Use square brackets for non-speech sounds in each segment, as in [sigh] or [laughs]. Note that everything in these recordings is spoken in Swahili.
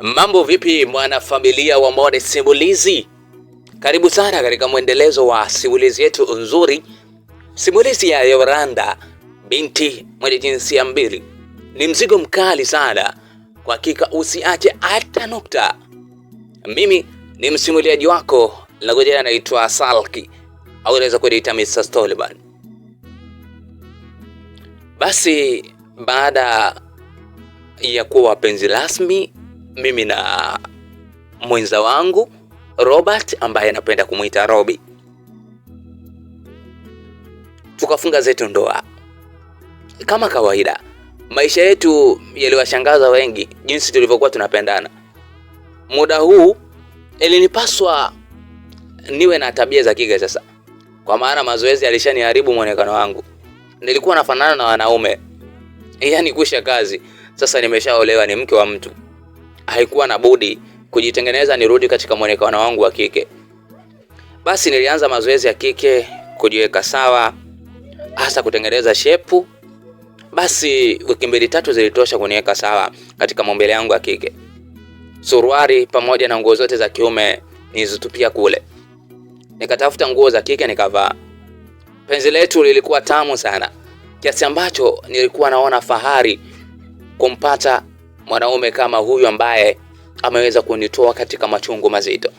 Mambo vipi mwanafamilia wa Mode Simulizi, karibu sana katika mwendelezo wa simulizi yetu nzuri, simulizi ya Yoranda, binti mwenye jinsia mbili. Ni mzigo mkali sana kwa hakika, usiache hata nukta. Mimi ni msimuliaji wako nagojea anaitwa Salki au unaweza kuniita Mr. Stoliban. Basi baada ya kuwa wapenzi rasmi mimi na mwenza wangu Robert ambaye anapenda kumwita Robi, tukafunga zetu ndoa kama kawaida. Maisha yetu yaliwashangaza wengi jinsi tulivyokuwa tunapendana. Muda huu ilinipaswa niwe na tabia za kike sasa, kwa maana mazoezi yalishaniharibu mwonekano wangu. Nilikuwa nafanana na wanaume, yaani kusha kazi. Sasa nimeshaolewa, ni mke wa mtu haikuwa na budi kujitengeneza nirudi katika mwonekano wangu wa kike. Basi nilianza mazoezi ya kike kujiweka sawa, hasa kutengeneza shepu. Basi wiki mbili tatu zilitosha kuniweka sawa katika maumbile yangu ya kike. Suruari pamoja na nguo zote za kiume nilizotupia kule, nikatafuta nguo za kike nikavaa. Penzi letu lilikuwa tamu sana kiasi ambacho nilikuwa naona fahari kumpata mwanaume kama huyu ambaye ameweza kunitoa katika machungu mazito.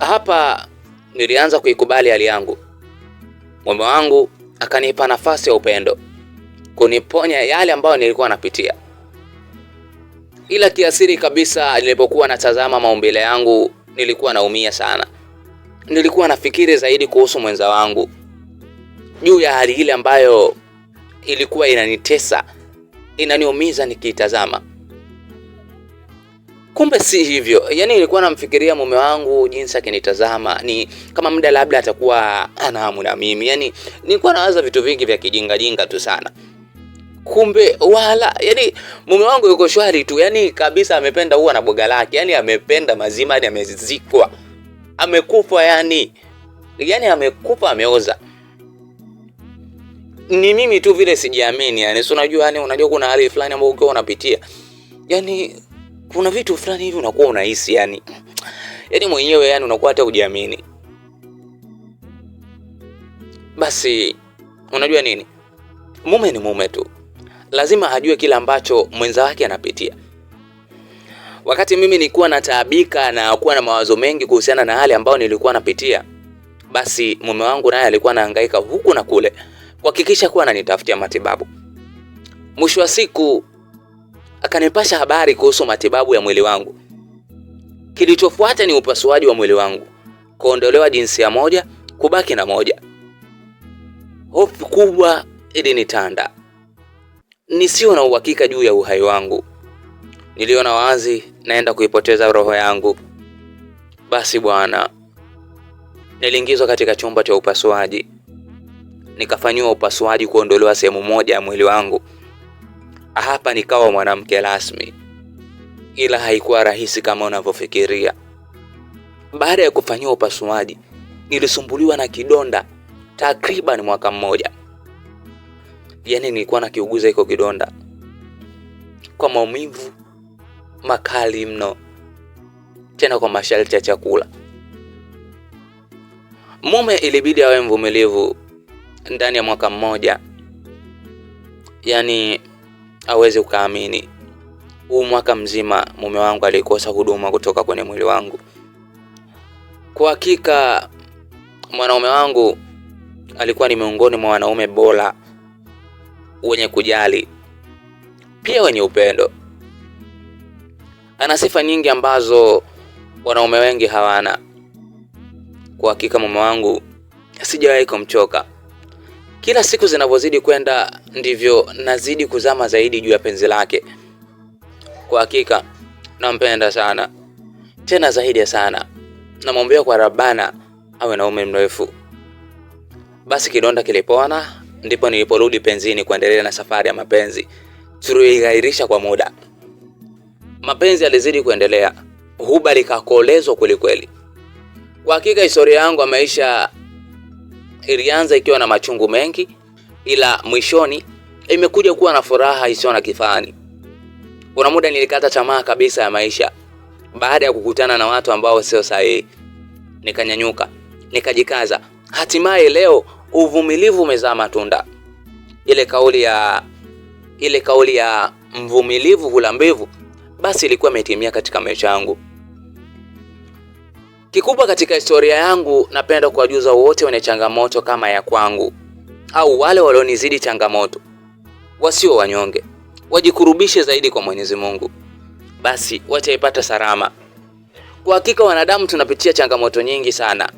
Hapa nilianza kuikubali hali yangu. Mume wangu akanipa nafasi ya upendo kuniponya yale ambayo nilikuwa napitia, ila kiasiri kabisa, nilipokuwa natazama maumbile yangu nilikuwa naumia sana. Nilikuwa nafikiri zaidi kuhusu mwenza wangu juu ya hali ile ambayo ilikuwa inanitesa inaniumiza nikiitazama. Kumbe si hivyo. Yaani nilikuwa namfikiria mume wangu jinsi akinitazama, ni kama muda labda atakuwa ana hamu na mimi. Yaani nilikuwa nawaza vitu vingi vya kijinga jinga tu sana. Kumbe wala, yani mume wangu yuko shwari tu, yani kabisa amependa huwa na boga lake, yani amependa mazima, yaani amezikwa, amekufa, yani yani amekufa, ameoza ni mimi tu vile sijiamini yani, si unajua yani, unajua kuna hali fulani ambayo ukiwa unapitia yani, kuna vitu fulani hivi unakuwa unahisi yani, yani mwenyewe yani unakuwa hata hujiamini. Basi unajua nini, mume ni mume tu, lazima ajue kila ambacho mwenza wake anapitia. Wakati mimi nilikuwa nataabika na kuwa na mawazo mengi kuhusiana na hali ambayo nilikuwa napitia, basi mume wangu naye alikuwa anahangaika huku na kule kuhakikisha kuwa ananitafutia matibabu. Mwisho wa siku akanipasha habari kuhusu matibabu ya mwili wangu. Kilichofuata ni upasuaji wa mwili wangu, kuondolewa jinsia moja, kubaki na moja. Hofu kubwa ilinitanda, nisio na uhakika juu ya uhai wangu. Niliona wazi naenda kuipoteza roho yangu. Basi bwana, niliingizwa katika chumba cha upasuaji nikafanyiwa upasuaji kuondolewa sehemu moja ya mwili wangu. Hapa nikawa mwanamke rasmi, ila haikuwa rahisi kama unavyofikiria. Baada ya kufanyiwa upasuaji, nilisumbuliwa na kidonda takriban mwaka mmoja, yaani nilikuwa nakiuguza iko kidonda kwa maumivu makali mno, tena kwa masharti ya chakula. Mume ilibidi awe mvumilivu ndani ya mwaka mmoja, yani aweze ukaamini, huu mwaka mzima mume wangu alikosa huduma kutoka kwenye mwili wangu. Kwa hakika mwanaume wangu alikuwa ni miongoni mwa wanaume bora wenye kujali, pia wenye upendo. Ana sifa nyingi ambazo wanaume wengi hawana. Kwa hakika mume wangu sijawahi kumchoka. Kila siku zinavyozidi kwenda ndivyo nazidi kuzama zaidi juu ya penzi lake. Kwa hakika nampenda sana, tena zaidi sana. Namwombea kwa Rabana awe na umri mrefu. Basi kidonda kilipona, ndipo niliporudi penzini kuendelea na safari ya mapenzi tuliyoighairisha kwa muda. Mapenzi yalizidi kuendelea, huba likakolezwa kwelikweli. Kwa hakika historia yangu ya maisha ilianza ikiwa na machungu mengi, ila mwishoni imekuja kuwa na furaha isiyo na kifani. Kuna muda nilikata tamaa kabisa ya maisha baada ya kukutana na watu ambao sio sahihi. Nikanyanyuka, nikajikaza, hatimaye leo uvumilivu umezaa matunda. Ile kauli ya ile kauli ya mvumilivu hula mbivu, basi ilikuwa imetimia katika maisha yangu. Kikubwa katika historia yangu, napenda kuwajuza wote wenye changamoto kama ya kwangu au wale walionizidi changamoto, wasio wanyonge, wajikurubishe zaidi kwa Mwenyezi Mungu, basi wataipata salama. Kwa hakika wanadamu tunapitia changamoto nyingi sana,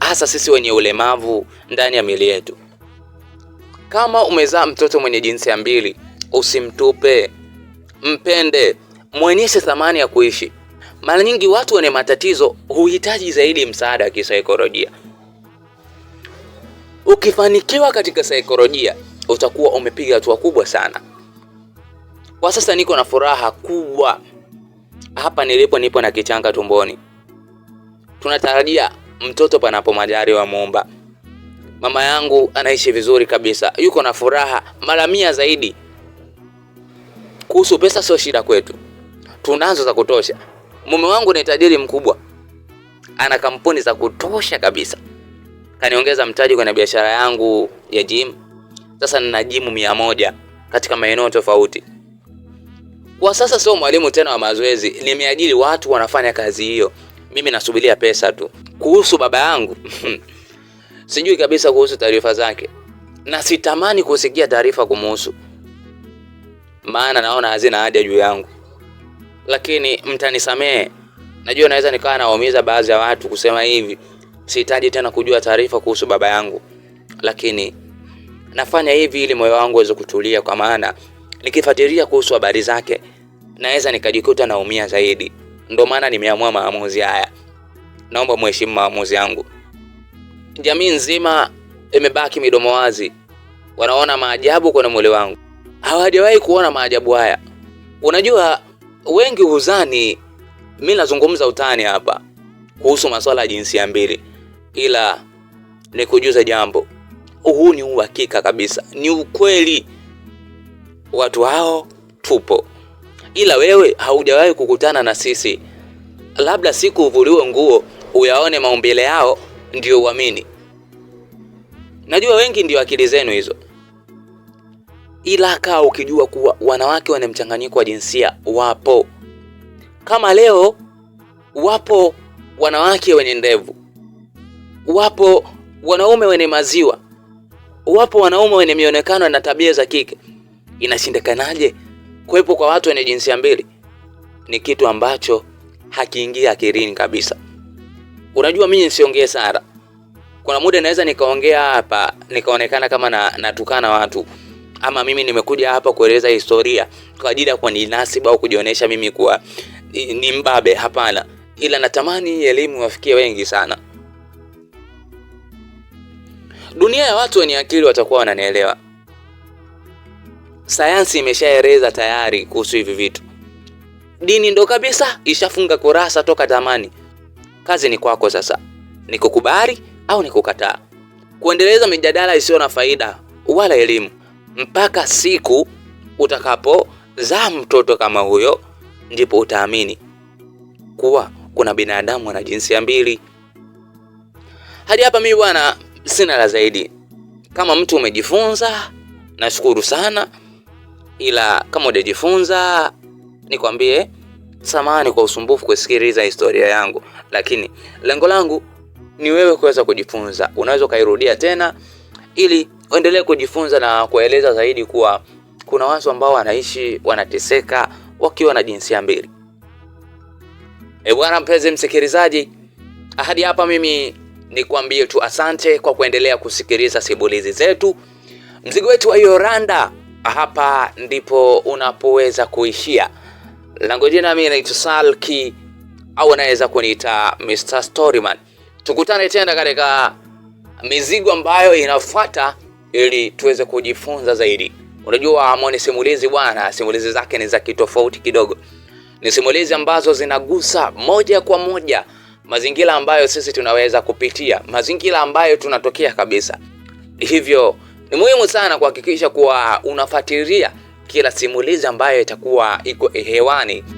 hasa sisi wenye ulemavu ndani ya miili yetu. Kama umezaa mtoto mwenye jinsia mbili, usimtupe, mpende, mwenyeshe thamani ya kuishi. Mara nyingi watu wenye matatizo huhitaji zaidi msaada wa kisaikolojia. Ukifanikiwa katika saikolojia, utakuwa umepiga hatua kubwa sana. Kwa sasa niko na furaha kubwa hapa nilipo, nipo na kichanga tumboni. Tunatarajia mtoto panapo wa Muumba. Mama yangu anaishi vizuri kabisa, yuko na furaha mara mia zaidi. Kuhusu pesa, sio shida kwetu, tunazo za kutosha. Mume wangu ni tajiri mkubwa, ana kampuni za kutosha kabisa. Kaniongeza mtaji kwenye biashara yangu ya gym. Sasa nina gym mia moja katika maeneo tofauti. Kwa sasa sio mwalimu tena wa mazoezi, nimeajiri watu wanafanya kazi hiyo, mimi nasubiria pesa tu. Kuhusu baba yangu [laughs] sijui kabisa kuhusu taarifa zake, na sitamani kusikia taarifa kumuhusu, maana naona hazina haja juu yangu lakini mtanisamehe, najua naweza nikawa naumiza baadhi ya watu kusema hivi, sihitaji tena kujua taarifa kuhusu baba yangu, lakini nafanya hivi ili moyo wangu uweze kutulia, kwa maana nikifuatilia kuhusu habari zake naweza nikajikuta naumia zaidi. Ndio maana nimeamua maamuzi haya, naomba mheshimu maamuzi yangu. Jamii nzima imebaki midomo wazi, wanaona maajabu kwenye mwili wangu, hawajawahi kuona maajabu haya. Unajua, wengi huzani, mi nazungumza utani hapa kuhusu masuala ya jinsia mbili, ila nikujuza jambo, huu ni uhakika kabisa, ni ukweli. Watu hao tupo, ila wewe haujawahi kukutana na sisi. Labda siku uvuliwe nguo uyaone maumbile yao, ndio uamini. Najua wengi ndio akili zenu hizo ila kaa ukijua kuwa wanawake wana mchanganyiko wa jinsia wapo. Kama leo wapo wanawake wenye ndevu, wapo wanaume wenye maziwa, wapo wanaume wenye mionekano na tabia za kike. Inashindikanaje kuwepo kwa watu wenye jinsia mbili? Ni kitu ambacho hakiingia akilini kabisa. Unajua, mimi nisiongee sana, kuna muda naweza nikaongea hapa nikaonekana kama na natukana watu ama mimi nimekuja hapa kueleza historia kwa ajili ya kuwa ni au kujionyesha mimi kuwa ni mbabe. Hapana, ila natamani elimu wafikie wengi sana. Dunia ya watu wenye akili watakuwa wananielewa. Sayansi imeshaeleza tayari kuhusu hivi vitu. Dini ndo kabisa ishafunga kurasa toka zamani. Kazi ni kwako sasa, ni kukubali au ni kukataa, kuendeleza mijadala isiyo na faida wala elimu mpaka siku utakapozaa mtoto kama huyo, ndipo utaamini kuwa kuna binadamu ana jinsia mbili. Hadi hapa mimi bwana, sina la zaidi. Kama mtu umejifunza, nashukuru sana, ila kama hujajifunza, nikwambie samahani kwa usumbufu kusikiliza historia yangu, lakini lengo langu ni wewe kuweza kujifunza. Unaweza ukairudia tena ili endelee kujifunza na kueleza zaidi kuwa kuna watu ambao wanaishi wanateseka wakiwa na jinsia mbili. E bwana mpenzi msikilizaji, hadi hapa mimi nikwambie tu asante kwa kuendelea kusikiliza simulizi zetu. Mzigo wetu wa Yoranda hapa ndipo unapoweza kuishia. Langu jina mimi naitwa Salki au anaweza kuniita Mr Storyman. Tukutane tena katika mizigo ambayo inafuata ili tuweze kujifunza zaidi. Unajua amoni simulizi bwana, simulizi zake ni za kitofauti kidogo, ni simulizi ambazo zinagusa moja kwa moja mazingira ambayo sisi tunaweza kupitia, mazingira ambayo tunatokea kabisa. Hivyo ni muhimu sana kuhakikisha kuwa unafuatilia kila simulizi ambayo itakuwa iko hewani.